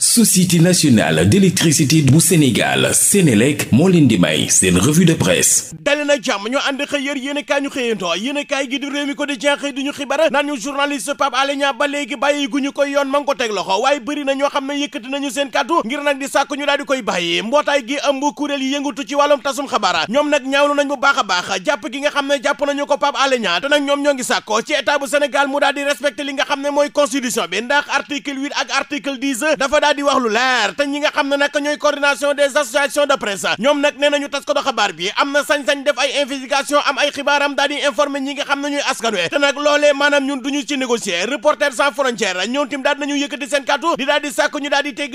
société nationale d'électricité bu Sénégal Sénélec moo leen di may seen revue de presse dali na jàmm ñu ànd xëy yér ñu xëyantoo yéen a gi di réew mi ko di jenxëy di ñu xibara journaliste Pape Alé ba léegi bàyyi gu ñu koy yoon ma teg loxo waaye bëri na ñoo xam ne yëkkati nañu seen kàddu ngir nag di sàkk ñu daal di koy bàyyi mbootaay gi ëmb kuréel yi yëngatu ci wàllum tasum xabaar ñoom nag ñaawlu nañ bu baax a baax jàpp gi nga xam ne jàpp ko Pape Alé Niang te nag ñoom ñoo ngi sàkko nga xam ne mooy constitution daal di wax lu leer te ñi nga xam ne nag ñooy coordination des associations de presse ñoom nag nee nañu tas ko do xabaar bi am na sañ-sañ def ay investigation am ay xibaaram daal di ñi nga xam ne ñuy askan wi te nag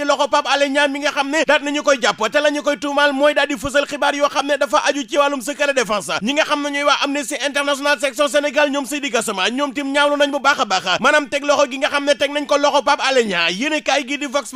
loxo Pape Alé Niang mi nga xam ne daal nañu koy jàpp te la koy tuumaal mooy daal di xibaar yoo xam ne dafa aju ci wàllum secret défense ñi nga xam ne ñooy Amnesty International section Sénégal ñoom Seydi Gassama ñoom tim ñaawlu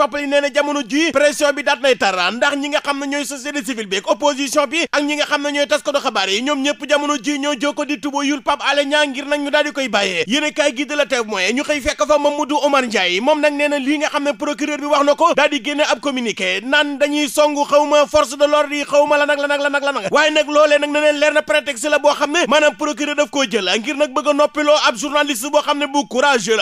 noppali nee na jamono ji pression bi daat nay tara ndax ñi nga xam ne ñooy société civile bi opposition bi ak ñi nga xam ne ñooy taskatu xabaar yi ñoom ñëpp jamono ji ñoo jokko di tubo yul Pape Alé Niang ngir nag ñu daal koy bàyyee yéen kaay gi de la Témoin ñu xëy fekk fa Mamadou Omar Ndiaye moom nag nee lii nga xam ne procureur bi wax na ko daal génne ab communiqué naan dañuy songu xawma force de l'ordre yi xawma la nag la nag la nag waaye nag a noppiloo ab journaliste boo xam ne bu courageux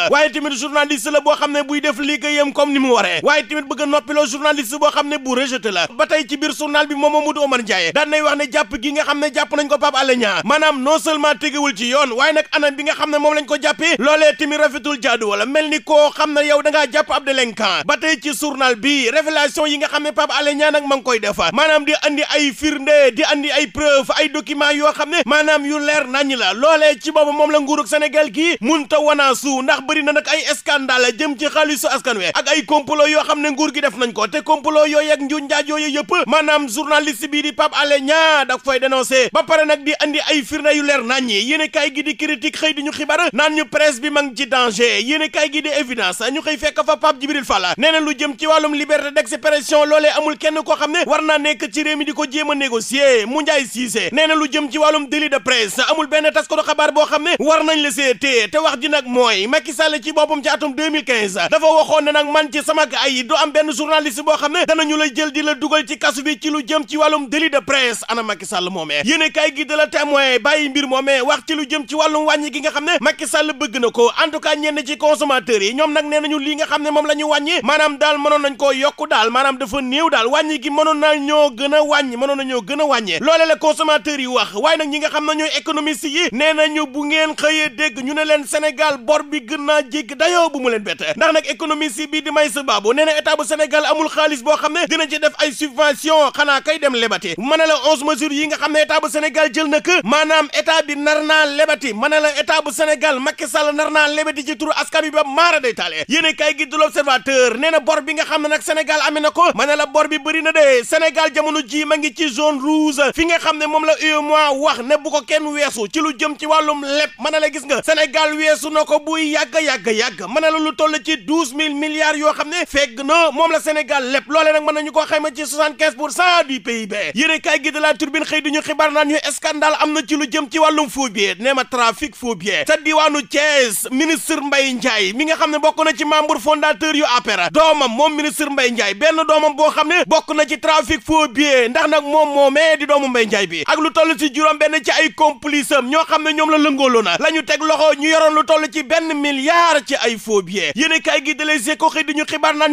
ay tamit bëgg a noppiloo journaliste boo xam ne bu rejeté la ba tey ci biir journal bi moom Mamadou Oumar Ndiaye daan wax ne jàpp gi nga xam ne jàpp nañ ko Pape Alé Niang maanaam non seulement tegewul ci yoon waaye nag anam bi nga xam ne moom lañ ko jàppee loolee tamit rafetul jaadu wala mel ni koo xam ne yow da ngaa jàpp ab délinquant ba ci journal bi révélation yi nga xam ne Pape Alé Niang nag ma ngi koy def maanaam di andi ay firnde di andi ay preuve ay document yoo xam ne maanaam yu leer nañ la loolee ci boobu moom la nguurug Sénégal gii mun ta wanaasu ndax bëri na nag ay scandale jëm ci xaalisu askan wi ak ay complot yoo xam ne nguur gi def nañ ko te complot yooyu ak njuuj njaaj yooyu yëpp maanaam journaliste bii di Pape Alé Niang da koy dénoncé ba pare nag di andi ay firnde yu leer nañ ñi yéen kaay gi di critique xëy di ñu xibaar naan ñu presse bi mangi ci danger yéen kaay gi di évidence ñu xëy fekk fa Pape Djibril Fall nee na lu jëm ci wàllum liberté d'expression loolee amul kenn koo xam ne war naa nekk ci réew di ko jéem a négocier mu njaay siise nee na lu jëm ci wàllum délit de presse amul benn tas ko xabaar boo xam ne war nañ la see téye te wax ji nag mooy Macky Sall ci boppam ci atum 2015 dafa waxoon ne nag man ci sama yi du am benn journaliste boo xam ne danañu la jël di la dugal ci kasu bi ci lu jëm ci wàllum délit de presse ana Macky Sall moomee yéene kaay gi de la témoin bàyyi mbir moomee wax ci lu jëm ci wàllum wàññi gi nga xam ne Macky Sall bëgg na ko en tout cas ñenn ci consommateurs yi ñoom nag nee nañu lii nga xam ne moom la ñu wàññi maanaam daal mënoon nañ koo yokku daal maanaam dafa néew daal wàññi gi mënoon na ñoo gën a wàññi mënoon na ñoo gën a wàññee loole la consommateurs yi wax waaye nag ñi nga xam ne ñooy économiste yi nee nañu bu ngeen xëyee dégg ñu ne leen Sénégal bor bi gën naa jégg dayoo leen bett ndax nag économiste yi bii di may sa baabu nee na senegal bu amul xaalis boo xam ne dina ci def ay subvention xanaa kay dem lebati ma ne la onze mesures yi nga xam ne état bu Sénégal jël na maanaam état bi nar naa lebati ma ne la état bu Sénégal Macky Sall nar naa lebati ci turu askan wi ba maara day taale yéen kay gi du l'observateur nee na bor bi nga xam ne nag Sénégal amee na ko ma ne la bor bi bëri na de Sénégal jamono ji ma ngi ci zone rouge fi nga xam ne moom la mois wax ne bu ko kenn weesu ci lu jëm ci wàllum leb ma ne la gis nga Sénégal weesu na ko buy yàgg yàgg yàgg ma ne la lu toll ci douze mille milliards yoo xam ne yegg na moom la Sénégal lépp loole nag mën nañu koo xayma ci 75 pour cent du PIB yéene kaay gi de la turbine xëy ñu xibaar naan ñu scandale am na ci lu jëm ci wàllum faux billets nee ma trafic faux billets sa diwaanu Thiès ministre Mbaye Ndiaye mi nga xam ne bokk na ci membre fondateur yu APR doomam moom ministre Mbaye Ndiaye benn doomam boo xam ne bokk na ci trafic faux billets ndax nag moom moomee di doomu Mbaye Ndiaye bi ak lu toll ci juróom benn ci ay complice am ñoo xam ne ñoom la lëngooloo na la ñu teg loxo ñu lu toll ci benn milliard ci ay faux billets yéene kaay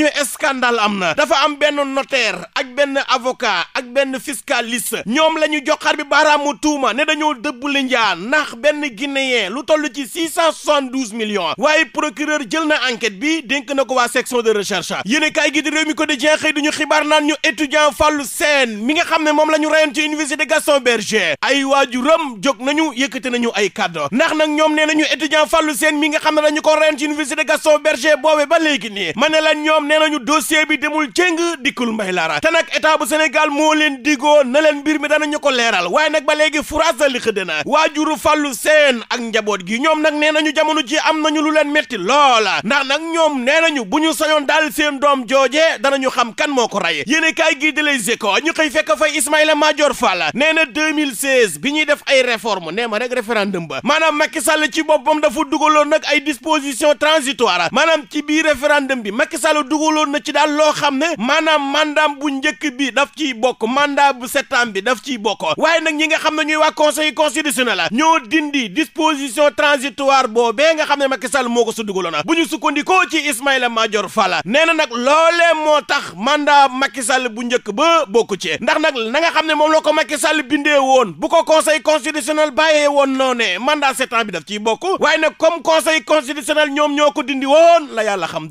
ñu scandale am na dafa am benn notaire ak benn avocat ak benn fiscaliste ñoom la ñu joxar bi baaraamu tuuma ne dañoo dëbbuli njaa ndax benn guinéen lu toll ci six cent soixante-douze millions waaye procureur jël na enquête bi dénk na ko waa section de recherche yéen kaay gi di réew mi ko di jeex xëy du ñu xibaar naan ñu étudiant Fallou Sène mi nga xam ne moom la ñu reyoon ci université Gaston Berger ay waajuram jóg nañu yëkkati nañu ay kàddo ndax nag ñoom nee nañu étudiant Fallou Sène mi nga xam ne dañu ko reyoon ci université Gaston Berger boobe ba léegi nii ma ne la ñoom nee nañu dossier bi demul jëng dikkul mbay laara te nag état bu Sénégal moo leen digoo na leen mbir mi danañu ko leeral waaye nag ba léegi furaasa li xëdd na waajuru fàllu seen ak njaboot gi ñoom nag nee nañu jamono ji am nañu lu leen metti loola ndax nag ñoom nee nañu bu ñu sañoon daal seen doom jooje danañu xam kan moo ko rey yéene kaay gii di Les Échos ñu xëy fekk fay ma Madior Fall nee na 2016 bi ñuy def ay réforme nee ma rek référendum ba maanaam Macky Sall ci boppam dafa dugaloon nag ay disposition transitoire maanaam ci biir référendum bi Macky Sall dugg dogaloon na ci loo xam ne maanaam mandaam bu njëkk bi daf ciy bokk mandat bu septembre bi daf ciy bokk waaye nag ñi nga xam ne ñuy waa conseil constitutionnel la ñoo dindi disposition boo boobee nga xam ne Macky Sall moo ko su dugaloon bu ñu sukkandikoo ci Ismaïla Madior Fall nee na nag loolee moo tax mandat Macky Sall bu njëkk ba bokku ci ndax nag na nga xam ne moom la ko Macky Sall bindee woon bu ko conseil constitutionnel bàyyee woon noone mandat sept ans bi daf ciy bokk waaye nag comme conseil ñoom ñoo ko dindi woon la xam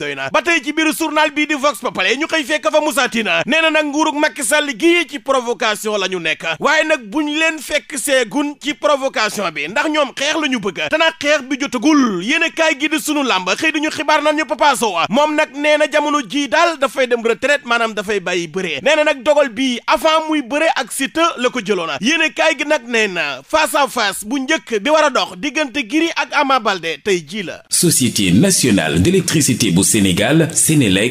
journal bii di Vox Populi ñu xëy fekk fa Moussa Tine nee na nag nguurug Macky Sall gii ci provocation la ñu nekk waaye nag bu ñu leen fekk seegun ci provocation bi ndax ñoom xeex la ñu bëgg danaa xeex bi jotagul yéen a kaay gi di sunu làmba xëy di ñu xibaar naan ñu Papa Sow moom nag nee na jamono jii daal dafay dem retraite maanaam dafay bay bëree nee na nag dogal bii avant muy bëree ak Siteu la ko jëloona yéen kaay gi nag nee na face à bu njëkk bi war a dox diggante Gris ak Ama tey jii la société nationale d'électricité bu Sénégal Sénélec